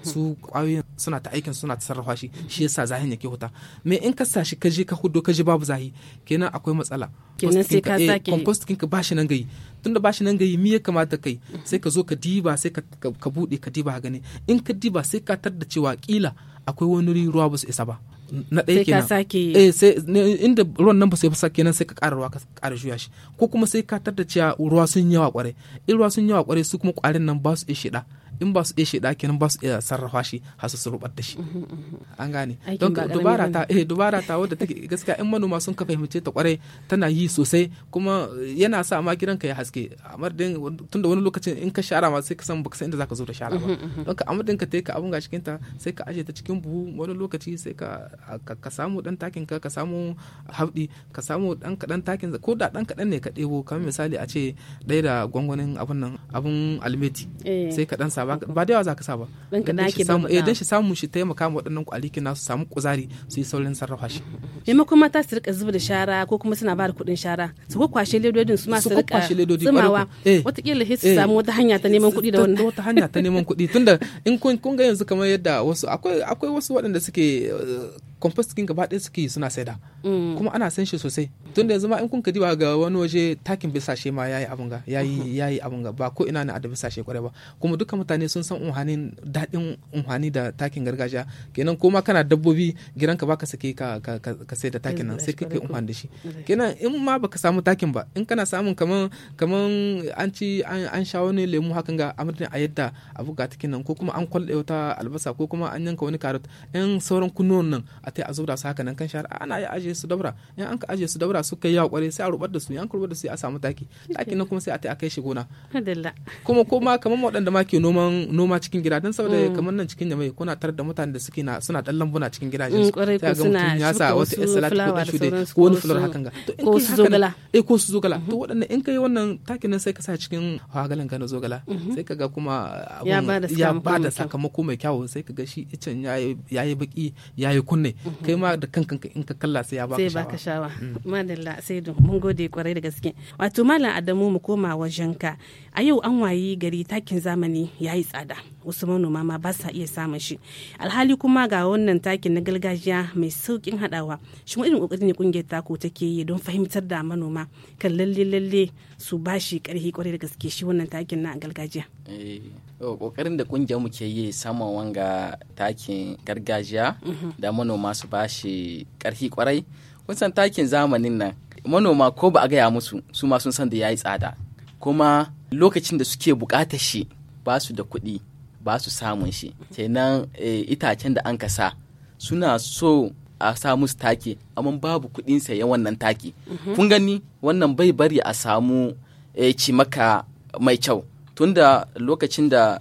su kwayoyin suna ta aikin suna ta sarrafa shi shi yasa zahin yake huta me in ka sashi ka je ka hudu ka ji babu zahi kenan akwai matsala kenan sai ka eh, sake compost kinka shi nan gayi tunda shi nan gayi me ya kamata kai sai ka zo ka diba sai ka bude ka diba gani in ka diba sai ka tarda cewa kila akwai wani ruwa ba su isa ba na ɗaya kenan sai ka sake eh sai inda ruwan nan ba sai fasa kenan sai ka ƙara ruwa ka ƙara juya shi ko kuma sai ka tarda cewa ruwa sun yawa kware in ruwa sun yawa kware su kuma ƙwarin nan ba su ishe da in ba su iya shi ɗakin ba su iya sarrafa shi har su rubar da shi mhm, mhm, mhm. an gane don dubara ta eh dubara ta wadda take gaskiya in manoma sun ka fahimce ta kwarai tana yi sosai kuma yana sa ma gidanka ya haske amar din tunda wani lokacin in ka shara ma sai ka san baka san inda zaka zo da shara ba don ka amar din ka ka abun ga cikin ta sai ka aje ta cikin buhu wani lokaci sai ka ka samu dan takin ka ka samu haudi ka samu dan kadan takin ko da dan kadan ne ka debo kamar misali a ce ɗaya da gwangwanin abun nan abun almeti eh. sai ka dan samu sa ba da yawa za ka sa ba eh, don shi samu shi taimaka ma waɗannan kwaliki na su samu kuzari su yi saurin sarrafa shi maimakon mata su rika zuba da shara ko kuma suna ba da kuɗin shara su ko kwashe ledodin su ma su rika zumawa eh. watakila sai su eh. samu wata hanya ta neman kuɗi da wannan wata hanya ta neman kuɗi tunda in kun ga yanzu kamar yadda wasu akwai akwai wasu waɗanda suke compost kin gaba ɗaya suke suna saida mm. kuma ana san shi sosai tun da yanzu ma in kun diba ga wani waje takin bisashe ma yayi abun ga yayi yayi abun ga ba ko ina ne a da bisashe kwarai ba kuma duka mutane mutane sun san unhanin daɗin unhani da takin gargajiya kenan ko ma kana dabbobi gidan ka baka sake ka ka sai da takin nan sai kai unhani da shi kenan in ma baka samu takin ba in kana samun kaman kaman an ci an sha wani lemu hakan ga amurdin a yadda a buga takin nan ko kuma an kwalɗe wata albasa ko kuma an yanka wani karot in sauran kunnuwan nan a tai a zubda su haka nan kan shahar ana yi aje su dabra in an ka aje su dabra su kai yawa kwarai sai a rubar da su in an rubar da su a samu taki takin nan kuma sai a tai a kai shi gona kuma kuma kaman waɗanda ma ke noma kaman noma cikin gida don saboda mm. kamar nan cikin jama'i kuna tar da mutane da suke na suna dan lambuna cikin gidajen mm, su ta ga mutum ya sa wata salati ko dan da ko wani fulor hakan ga ko su zogala eh ko su zogala to mm-hmm. waɗannan in kai wannan takin nan sai ka sa cikin hagalan ka na zogala mm-hmm. sai ka ga kuma ya ba da sakamako mai kyau sai ka ga shi icen yayi yayi baki yayi kunne mm-hmm. kai ma da kanka in ka kalla sai ya baka shawa shawa mm. madalla sai mun gode kwarai da gaske wato malam Adamu mu koma wajenka a yau an wayi gari takin zamani ya yayi tsada wasu manoma ma ba sa iya samun shi alhali kuma ga wannan takin na gargajiya mai saukin haɗawa shi irin kokari ne kungiyar tako take yi don fahimtar da manoma kan lalle lalle su ba shi ƙarfi da gaske shi wannan takin na gargajiya kokarin eh, oh, da kungiyar mu ke yi samun wanga takin gargajiya mhm. da manoma su ba shi ƙarfi kwarai kun san takin zamanin nan manoma ko ba a gaya musu su ma sun san da yayi tsada kuma lokacin da suke bukatar shi ba su da kuɗi ba su samun shi kenan eh, itacen da an sa suna so a samu su taki amma babu kuɗin sayan wannan taki mhm. kun gani wannan bai bari a samu eh, cimaka mai kyau tunda lokacin da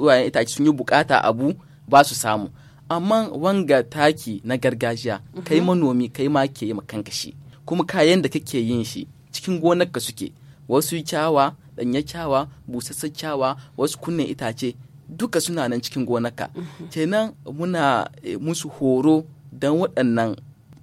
wayan itace sun yi bukata abu ba su samu amma wanga taki na gargajiya mhm. kai manomi kai ma ke yi kanka shi kuma kayan da kake yin shi cikin gonarka suke wasu kyawa ɗanyar kyawa busassar kyawa wasu kunnen itace duka suna nan cikin gonaka mhm. kenan muna eh, musu horo don waɗannan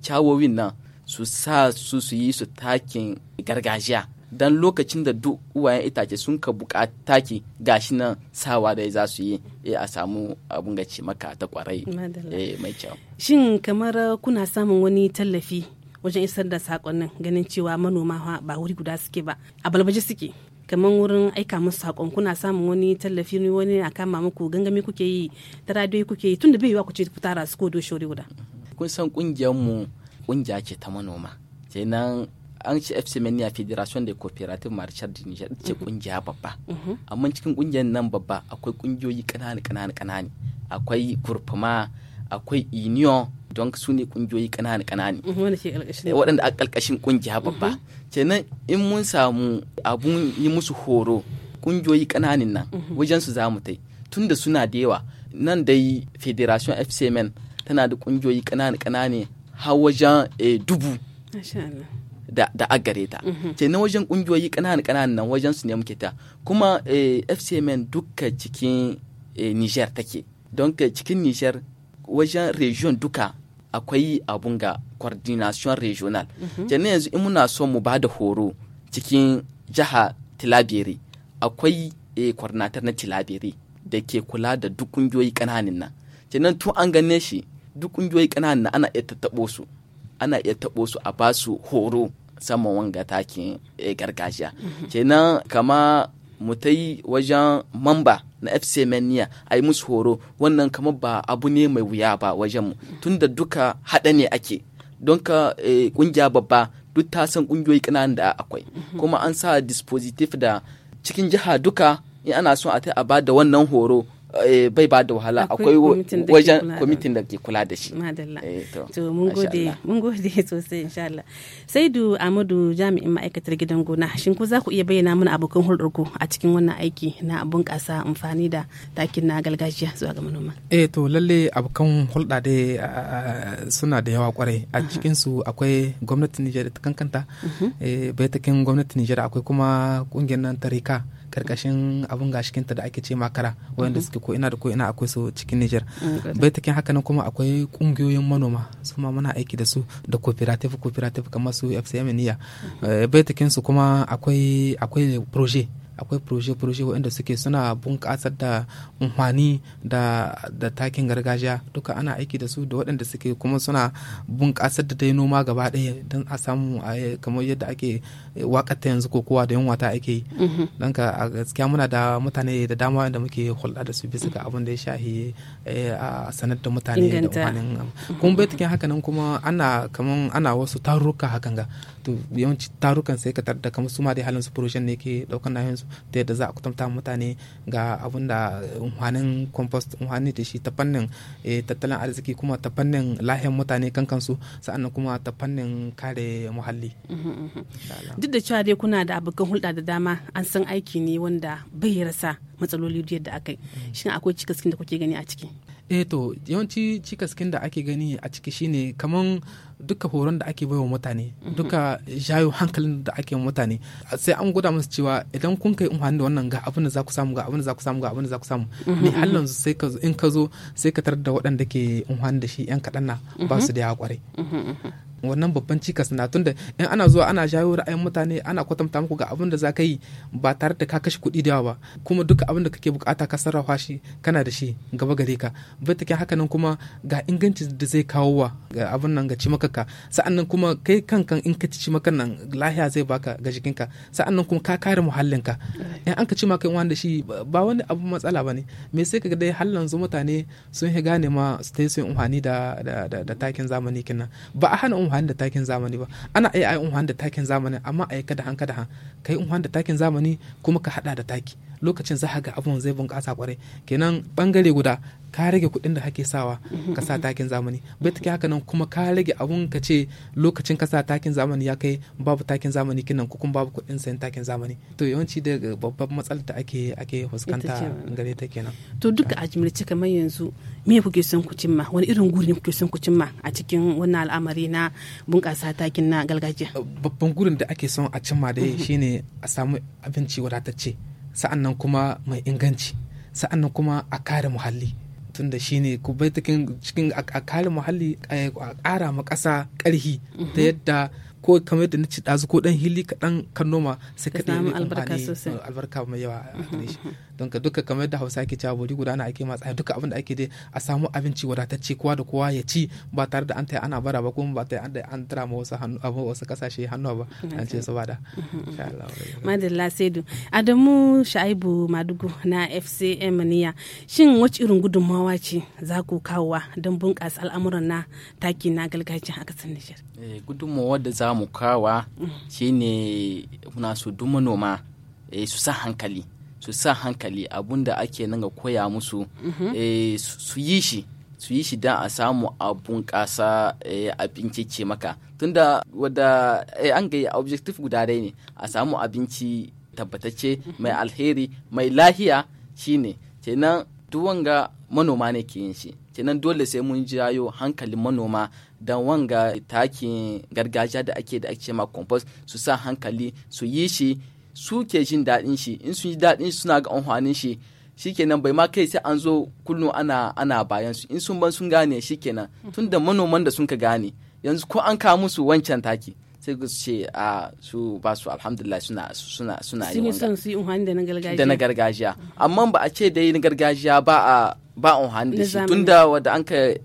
kyawowin nan su sa su su yi su takin gargajiya don lokacin da duk uwayen itace sun ka bukata taki gashi nan sawa da za su yi eh, a samu abun gaci maka ta kwarai eh, mai kyau shin kamar kuna samun wani tallafi wajen isar da nan ganin cewa manoma ba wuri guda suke ba a balbaji suke kamar wurin aika musu sakon kuna samun wani tallafi ne wani a kama muku gangami kuke yi ta radiyo kuke yi tunda bai yiwa ku ce ku tara su ko do shori guda kun san kungiyar mu kungiya ce ta manoma kenan an ci FC Mania Federation de Cooperative Marchar de Niger ce kungiya mhm. babba mhm. amma cikin kungiyar nan babba akwai kungiyoyi kanani kanani kanani akwai kurfuma akwai union don su ne kungiyoyi kanani kanani eh, waɗanda a ƙarƙashin kungiya babba kenan in mun samu abun yi musu horo kungiyoyi kananin nan wajen su za mu tai tun da suna da yawa nan dai federation fc men tana da kungiyoyi kanani kanani har wajen eh, dubu da, a agare ta kenan wajen kungiyoyi kanani kanani nan wajen su ne muke ta kuma eh, fc men duka cikin niger take don cikin niger wajen region duka akwai abun ga coordination regional mhm. kenan yanzu in muna so mu ba da horo cikin jiha tilabiri akwai e, coordinator na tilabiri da ke kula da duk kungiyoyi kananin nan kenan tun an gane shi duk kungiyoyi kananin nan ana iya tattaɓo su ana iya taɓo su a ba su horo sama wanga takin eh, gargajiya mhm. kenan kama mu ta wajen mamba na fc mania a yi musu horo wannan kamar ba abu ne mai wuya ba wajen mu tun da duka haɗa ne ake don ka kungiya eh, babba duk ta san kungiyoyi ƙananan da akwai mhm. kuma an sa dispositif da cikin jiha duka in ana son a ta a ba da wannan horo Eh, bai ba da wahala akwai wajen kwamitin da ke kula da shi madalla eh, to mun gode mun gode sosai insha Allah sai du Amadu jami'in ma'aikatar gidan gona shin ko za ku iya bayyana mana abokan hulɗar ku a cikin wannan aiki na bunƙasa amfani da takin na gargajiya zuwa ga manoma eh to lalle abokan hulɗa dai suna da yawa kwarai a cikin su akwai gwamnatin Nijar ta kankanta mhm. eh, bai takin gwamnatin Nijar akwai kuma ƙungiyar nan tarika karkashin abun gashikinta da ake ce makara wanda mhm. suke ko ina da ko ina akwai su cikin Niger mm, bai take haka nan kuma akwai kungiyoyin manoma su ma muna aiki da su da cooperative cooperative kamar su FCM niya mm. eh, bai take su kuma akwai akwai projet akwai proje-proje waɗanda suke suna bunƙasar da amfani da, takin gargajiya duka ana aiki da su da waɗanda suke kuma suna bunƙasar da yi noma gaba ɗaya don a samu kamar yadda ake wakata yanzu ko kowa da yunwa wata ake yi mm-hmm. don ka a gaskiya muna da mutane da dama da muke hulɗa da su bisa ga abin da ya shahi eh, a sanar da mutane da kuma bai haka nan kuma ana kamar ana wasu tarurruka hakan ga to yawanci tarukan sai ka tarda kamar su ma dai halin su projen ne ke daukan na yanzu da yadda za a kwatanta mutane ga abin da unhanin compost unhani da shi ta fannin eh, tattalin arziki kuma ta fannin lahiyar mutane kankan su sa'annan kuma ta fannin kare muhalli mm-hmm. duk da cewa dai kuna da abokan hulɗa da dama an san aiki ne wanda bai rasa matsaloli yadda aka yi mm-hmm. shin akwai cikaskin da kuke gani a ciki eh to yawanci cikaskin da ake gani a ciki shine kaman duka horon da ake baiwa mutane mhm. duka jayo hankalin da ake mutane sai an gwada musu cewa idan kun kai amfani da wannan ga abin da za ku samu ga abin da za ku samu ga abin da za ku samu ni mhm. halin sai ka in ka zo sai ka tarar da waɗanda ke amfani da shi yan kaɗan na ba mhm. su da ya kwarai wannan babban cikas na tunda in ana zuwa ana jawo ra'ayin mutane ana kwatanta muku ga abin da za ka yi ba tare da ka kashe kuɗi da yawa ba kuma duka abin da kake bukata ka sarrafa shi kana da shi gaba gare ka bai take haka nan kuma ga inganci da zai kawo wa ga abin nan ga cimakaka sa'annan kuma kai kankan in ka ci cimakan nan lahiya zai baka ga jikin jikinka sa'annan kuma ka kare muhallinka in an ka ci maka wanda shi ba wani abu matsala ba ne me sai ka ga dai hallan zu mutane sun gane ma su ta yi sun da takin zamani kenan ba a hana unhani da takin zamani ba ana iya ai unhani da takin zamani amma a yi da han da han kai unhani da takin zamani kuma ka hada da taki lokacin za ga abun zai bunƙasa kwarai kenan bangare guda ka rage kuɗin da kake sawa ka sa takin zamani bai take haka nan kuma ka rage abun ka ce lokacin ka sa takin zamani ya kai babu takin zamani kinan ko kuma babu kuɗin sayan takin zamani to yawanci daga babban matsalar da ake ake fuskanta gare ta kenan to duka a jimilce kamar yanzu me kuke son ku cimma wani irin gurin kuke son ku cimma a cikin wannan al'amari na bunƙasa takin na gargajiya babban gurin da ake son a cimma dai shine a samu abinci wadatacce sa'annan kuma mai inganci sa'annan kuma a kare muhalli tunda shine ku bai cikin a muhalli eh, a kara ma kasa ta mhm. yadda ko kamar yadda na ci ɗazu ko ɗan hili kaɗan kan noma sai ka ɗaya albarka mai yawa don ka duka kamar yadda hausa ke cewa bori guda na ake matsa duka abin da ake dai a samu abinci wadatacce kowa da kowa ya ci ba tare da an taya ana bara ba kuma ba ta da an tara ma wasu hannu wasu kasashe hannu ba an ce su ba da madalla saidu adamu sha'ibu madugu na fcm niya shin wacce irin gudunmawa ce za ku kawowa don bunƙasa al'amuran na taki na gargajiya a ƙasar nijar eh, gudunmawa da za mu kawa mm. shine muna so duk manoma eh, su sa hankali su sa hankali abun da ake nan koya musu mhm. eh, su yi shi su yi shi don a samu a bunƙasa eh, abinci ce maka tunda wadda eh, an ga objective guda dai ne a samu abinci tabbatacce mhm. mai alheri mai lahiya shine kenan wanga manoma ne ke yin shi kenan dole sai mun jayo hankalin manoma don wanga takin gargajiya da ake da ake ma compost su sa hankali su yi shi su ke jin daɗin shi in sun ji daɗin shi suna ga amfanin shi shikenan bai ma kai sai an zo kullum ana ana bayan su in sun ban sun gane shikenan tun da manoman da sun ka gane yanzu ko an kawo musu wancan taki sai ku ce a su ba su alhamdulillah suna suna suna yi son su yi da na gargajiya da na gargajiya amma ba a ce dai na gargajiya ba a ba unhani da shi tunda wanda an ka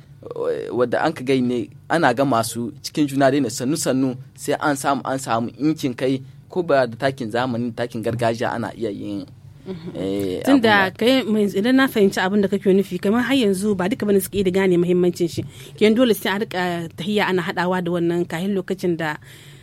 wadda an ka gai ne ana ga masu cikin juna dai na sannu sannu sai an samu an samu inkin kai ko ba da takin zamani takin gargajiya ana iya yin eh, tun da kai idan na fahimci abin da kake nufi kamar har yanzu ba duka bane suke da gane muhimmancin shi kiyan dole sai a rika tahiya ana hadawa da wannan kahin lokacin da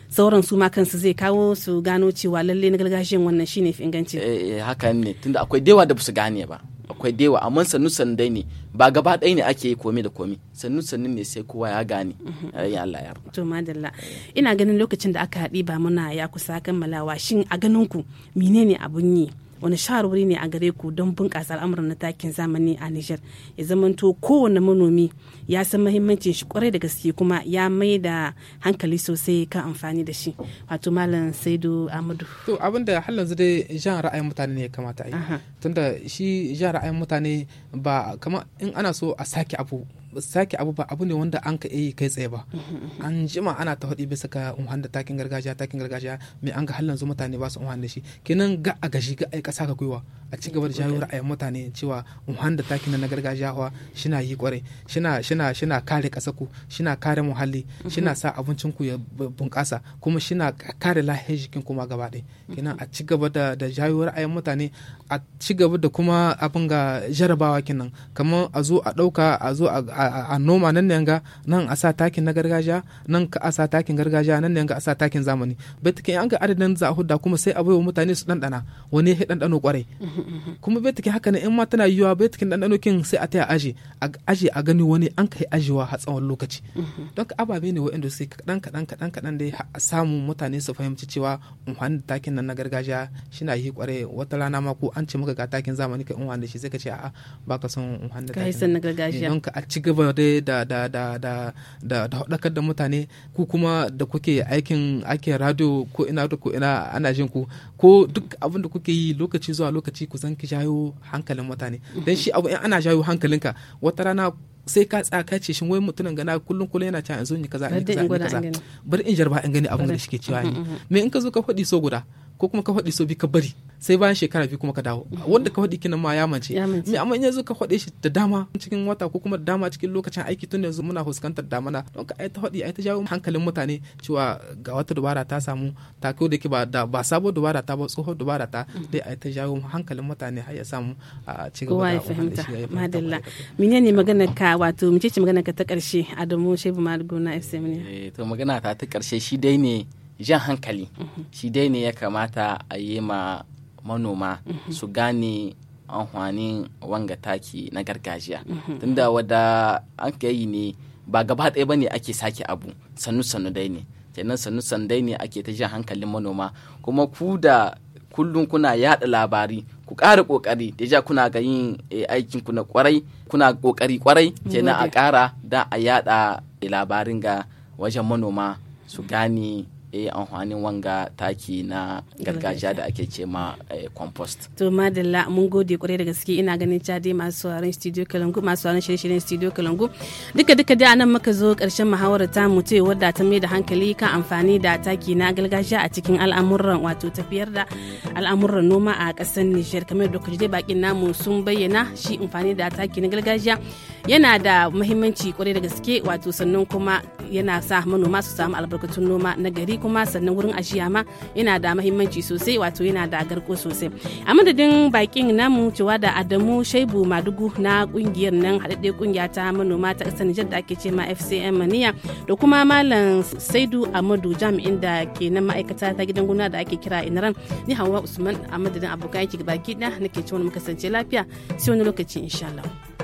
sauran su ma kansu zai kawo su gano cewa lalle na gargajiyan wannan shine fi inganci eh, eh hakan ne tunda akwai dewa da su gane ba akwai dewa amma sannu sandai ne ba gaba ɗaya ne ake yi komai da komai sannu sannu ne sai kowa ya gane mhm. ya Allah to madalla ina ganin lokacin da aka haɗi ba muna ya kusa kammalawa shin a ganin ku menene abun yi wani shawarwari ne a gare ku don bunƙasa al'amuran na takin zamani a Nijar ya zamanto kowane manomi ya san mahimmancin shi kwarai da gaske kuma ya mai da hankali sosai kan amfani da shi wato malam Saidu Amadu to abin da har yanzu dai jan ra'ayin mutane ne kamata a yi tunda shi jan ra'ayin mutane ba kamar in ana so a sake abu sake abu ba abu ne wanda an ka yi kai tsaye ba mhm, mhm. an jima ana ta hudi bisa ka unhan da takin gargajiya takin gargajiya mai an ga halin zu mutane ba su unhan da shi kenan ga a gashi ga yi kasa ka gwiwa a ci gaba da jawo ra'ayin mutane cewa unhan da takin na gargajiya wa shina yi kwarai shina shina kare kasa ku shina kare muhalli mhm. shina sa abincin ku ya bunƙasa kuma shina kare lahiyar jikin kuma gaba ɗaya kenan a ci gaba da da jawo mutane a ci gaba da kuma abin ga jarabawa kenan kamar a zo a ɗauka a zo a a noma nan ne ga nan a sa takin na gargajiya nan ka a sa takin gargajiya nan ne ga a sa takin zamani bai take an ga adadin za a hudda kuma sai a baiwa mutane su dandana wani ya dandano kwarai kuma bai take haka ne in ma tana yiwa bai take dandano kin sai a taya aji aji a gani wani an kai ajiwa a tsawon lokaci don ababe ne waɗanda sai kaɗan kaɗan kaɗan kaɗan dai samun mutane su fahimci cewa unhwani da takin nan na gargajiya shi na yi kwarai wata rana ma ko an ce maka ga takin zamani ka unhwani da shi sai ka ce a'a ba ka son unhwani da takin na gargajiya don ka a ci gaba level dai da da da da da da haɗakar da mutane ku kuma da kuke aikin aikin radio ko ina ko ina ana jin ku ko duk abin da kuke yi lokaci zuwa lokaci ku san ki jayo hankalin mutane dan shi abu in ana jayo hankalinka wata rana sai ka tsaka ce shin wai mutumin gana kullum kullum yana cewa yanzu ni kaza ni kaza ni bari in jarba in gani abin da shi ke cewa ni me in ka zo ka fadi so guda ko kuma ka faɗi so bi ka bari sai bayan shekara biyu kuma ka dawo wanda ka faɗi kinan ma ya mace me amma in yanzu ka faɗe shi da dama cikin wata ko kuma da dama cikin lokacin aiki tun yanzu muna fuskantar damana don ka ai ta faɗi ai ta jawo hankalin mutane cewa ga wata dubara ta samu ta kai da ke ba da ba sabo dubara ta ba tsoho dubara ta mm. dai ai ta jawo hankalin mutane har ya samu a cikin gaba da fahimta madalla ne magana ka wato mece ce magana ka ta karshe Adamu shebu Maliguna FC ne eh, to magana ta ta karshe shi dai ne jan hankali mhm. shi dai ne ya kamata a yi ma manoma mhm. su gane amfanin wanga taki na gargajiya mhm. tunda wada an ka yi ne ba gaba ɗaya ba ne ake sake abu sannu sannu dai ne kenan sannu sannu dai ne ake ta jan hankalin manoma kuma ku da kullum kuna yada labari ku ƙara ƙoƙari da ja kuna ga yin eh, aikin ku na kwarai kuna ƙoƙari kwarai kenan a ƙara da a yada labarin ga wajen manoma su gane e amfanin wanga taki na gargajiya da ake ce ma eh, compost to madalla mun gode kwarai da gaske ina ganin cade masu sauraron studio kalangu masu sauraron shirye-shiryen studio kalangu duka duka da anan muka zo karshen muhawarar ta mu ce wadda ta mai da hankali kan amfani da taki na gargajiya a cikin al'amuran wato tafiyar da al'amuran noma a ƙasar Nijar kamar da kuje bakin namu sun bayyana shi amfani da taki na gargajiya yana da muhimmanci kwarai da gaske wato sannan kuma yana sa manoma su samu albarkatun noma na gari kuma sannan wurin ajiya ma yana da mahimmanci sosai wato yana da garko sosai a madadin bakin namu cewa da adamu shaibu madugu na kungiyar nan haɗaɗɗe kungiya ta manoma ta ƙasar nijar da ake ce ma fcm maniya da kuma malam saidu amadu jami'in da ke nan ma'aikata ta gidan gona da ake kira inaran ni hawa usman a madadin abokan aiki baki ɗaya nake ce wani kasance lafiya sai wani lokaci insha Allah.